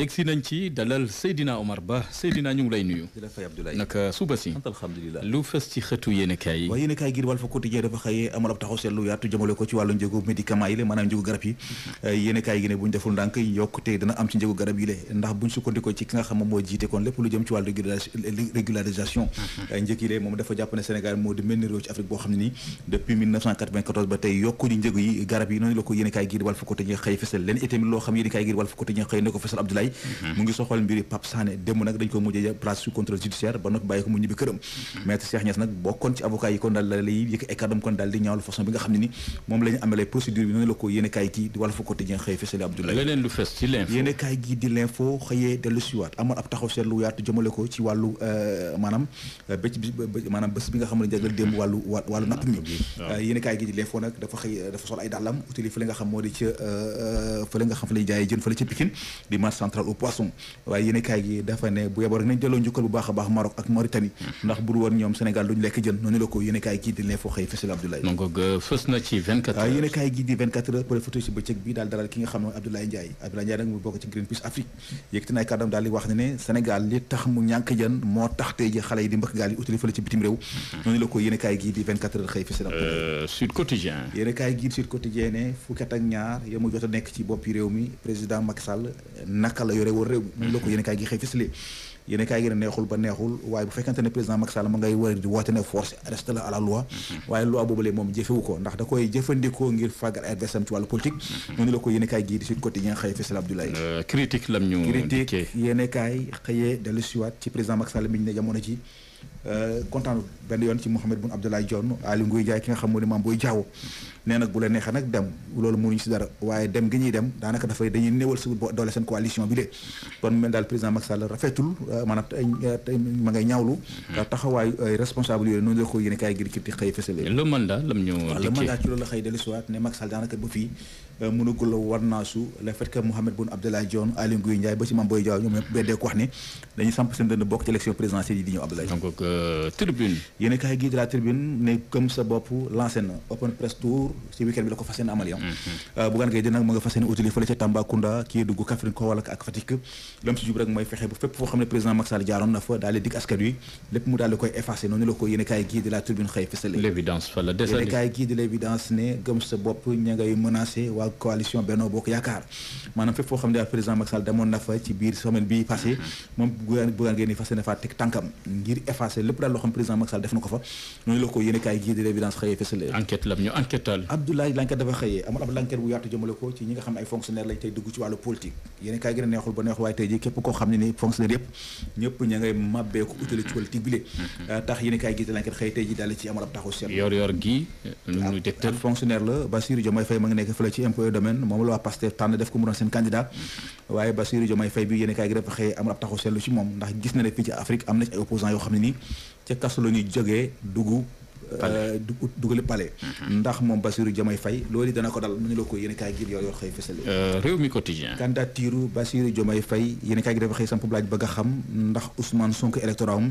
yegsi nañ ci dalal Seydina Omar Ba Seydina ñu ngi lay nuyu. di la fay Abdoulaye naka suba si. alhamdulilah lu fës ci xëtu yéen yi. waaye yéen a kaay gi ko ci wàllu njëgu médicament yi la maanaam njëgu mm-hmm. eh, xam moom moo jiite kon mm-hmm. eh, ko yéen a kaay gi fesal leen itamit loo xam yéen a kaay gi Walf Quotidien xëy ne ko fesal Abdoulaye Abdoulaye mhm. mu ngi soxal mbiri Pape Sané démb nag dañ ko mujjee place sous contrôle judiciaire ba nag bàyyi ko mu ñibbi këram mhm. maître Cheikh Niass nag bokkoon ci avocat yi kon daal la lay yëkk ay kàddam kon daal di ñaawlu façon bi nga xam ne ni moom la ñu amee procédure bi noonu la ko yéene kaay gi di wàllu fa côté ji nga xëy fesali Abdoulaye leneen lu fes ci l'info yéene kaay gi di l'info xëyee dellu siwaat amoon ab taxaw seetlu yaatu jëmale ko ci wàllu euh, maanaam euh, bëcc bi maanaam bés bi nga xam ne jagleel démb wàllu wàllu napp mi euh, yéene kaay gi di l'info nag dafa xëy dafa sol ay dàllam utili fële nga xam moo di ca fële nga xam fa lay jaayee jën fële ca Pikine di marché centrale au poisson waaye yéen kaay gi dafa ne bu yeboo rek nañ delloo njukkal bu baax a baax Maroc ak Mauritanie hmm. ndax bur woon ñoom Sénégal duñu lekk jën noonu la ko yéen kaay di l'info xëy fësal Abdoulaye euh, fës na ci 24 moo tax tey ji xale yi di mbëkk gaal yi utali fële ci bitim réew hmm. noonu la ko yéen a euh, nekk ci naka la yore woon réew mi la ko yéen kaay gi xëy fësale yéen gi ne neexul ba neexul waaye bu fekkente ne président Macky Sall ngay war di woote ne force reste à la loi mm-hmm. waaye loi boobule moom jëfewu ko ndax da koy jëfandikoo ngir fàggal adversaire ci wàllu politique mm-hmm. noonu la ko yéen kaay gii di Sud Quotidien xëy fësale Abdoulaye euh, critique lam ñu critique yéen kaay dellu siwaat ci président Macky Sall ne jamono ci Euh, kontaan benn yoon ci Mouhamed Boun Abdallah Dionne Aly Ngouille Ndiaye ki nga nee nag bu la neexee nag dem loolu mënuñu si ñuy dem daanaka dafay dañuy néewal su doole euh, euh, ci xëy fësale le mandat lam ñu le mandat ci loolu la xëy dellu si waat ne Macky Sall daanaka ba fii mënagul war wax ne dañuy samp seen dënd bokk ci élection présidentielle yi di ñëw Abdoulaye tribune. a ne comme sa bopp lancé na open press tour ci week bi la ko fas yéene amal yow. Mhm. Euh, Bougane Gueye dina nga fas utili fële ca Tambacounda kii dugg Kaffrine Kowal ak Fatick lam si jub rek mooy fexe bu fépp foo xam ne président Macky jaaroon na fa daal di dig askan lépp mu daal koy effacé noonu la ko yéen kaay gii de la tribune xëy fësale. l'évidence fa la desandi yéen a kaay gii de l'évidence ne gëm sa bopp ña ngay menacé waa coalition Benno Bokk Yaakaar maanaam lépp daal loo xam président Macky Sall def na ko fa noonu la ko yéen gii di l'évidence xëyee fësale enquête la ñu enquêtal Abdoulaye l'enquête dafa xëyee amal ab l'enquête bu yaatu jëmale ko ci ñi nga xam ay fonctionnaire lañ tey dugg ci wàllu politique yéen kaay gi neexul ba neex waaye tey ji képp koo xam ne ni fonctionnaire yëpp ñëpp ña ngay màbbee ko ci politique mm-hmm. tax yéen kaay di l'enquête xëyee tey ji daal ci amal ab taxaw seetlu yor yor gi lu waaye Bassirou Diomaye Faye bi yéen kaay gi dafa xëy am ab taxaw seetlu ci moom ndax gis na ne fii ci Afrique am na ci ay opposants yoo xam ne nii ca kaso la ñuy jógee dugg dugali euh, palais mm-hmm. ndax moom Bassirou Diomaye fay loolu dana ko dal mu ne la ko yéen kaay gi yor yor xëy fësale euh, réew mi quotidien candidature Bassirou Diomaye Faye yéen kaay gi dafa xëy samp bëgg xam ndax Ousmane Sonko électorat am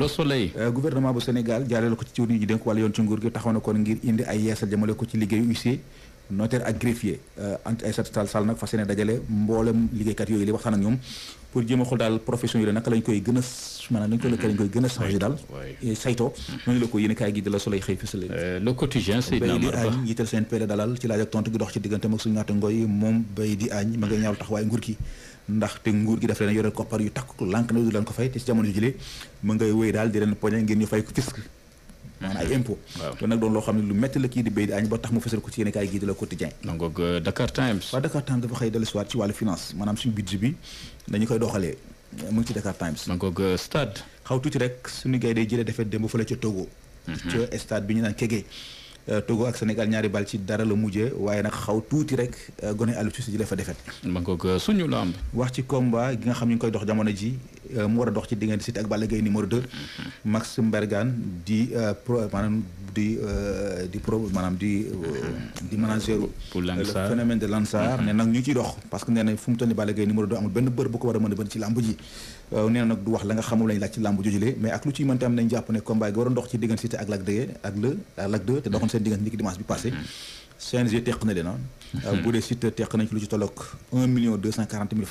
Le Soleil euh, gouvernement bu Sénégal jaarale ko ci ciw nit ñi dénk wàllu yoon ci nguur gi taxaw na kon ngir indi ay yeesal jëmale ko ci liggéeyu huissier euh, yooyu li waxtaan ak ñoom pour jéem a xool daal profession yi la naka lañ koy gën a maanaam lañ koy lëkkale noonu la ko yéen gi de soleil xëy fësale euh, le quotidien Seydina seen pele dalal ci laaj ak tontu gi dox ci diggante mag suñu naata ngooy moom Baye Di Agne ma ngay ñaawlu taxawaay nguur gi ndaxte nguur gi daf yore koppar yu takk lànk na du ko fay te ci jamono ju jëlee mu ngay wéy daal di leen poñe ngir ñu fay ko fisc maanaam ay nag doon loo xam ne lu métti la kii di béy di añ ba tax mu fësal ko ci yéen kaay gii di la quotidien donc euh, Dakar Times waaw Dakar Times dafa xëy dellusiwaat ci wàllu finance maanaam suñu budget bi dañu koy doxalee mu ngi ci Dakar Times donc euh, stade xaw tuuti rek suñu gars yi day jëlee defet démb fële ca Togo mhm. ca stade Euh, Togo ak Sénégal ñaari bal ci dara la mujjee waaye nag xaw tuuti rek euh, gone Aliou Cissé ji la fa defet su euh, ñu suñu am wax ci combat gi nga xam ñu koy dox jamono ji mu war a dox ci diggante Siteu ak bala gay numéro 2 mm-hmm. Max Mbergane di maanaam du euh, di pro maanaam di. Euh, mhm. di manager. pour Lansar mhm. ne nag ñu ngi dox parce que nee na fu mu toll nii Balla amul benn bër bu ko war a mën a bën ci làmb ji. Euh, nag du wax la nga xamul lañ laaj ci làmb jojule mais ak lu ciy mënti am nañ jàpp ne combat gi waroon dox ci diggante Siteu ak Lac 2 ak le ak Lac 2 te doxoon seen diggante niki dimanche bi passé. Mhm. CNG teq na leen ah. bu dee Siteu teq nañ ci lu ci tolloog 1 million 240 mille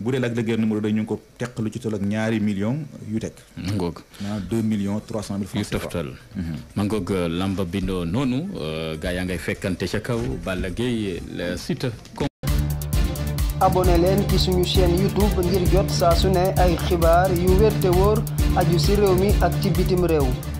bu dee Lac de Guiers numéro ñu ko teq lu ci toll ak ñaari millions yu teg. mangoog maanaam 2 millions 300 mille francs yu toftal. Mhm. mangoog euh, lamba bindoo noonu euh, gaa yaa ngay fekkante ca kaw Balla Gaye site. abonné leen ci suñu chaîne YouTube ngir jot saa su ne ay xibaar yu wér wóor aju si réew mi ak ci bitim réew.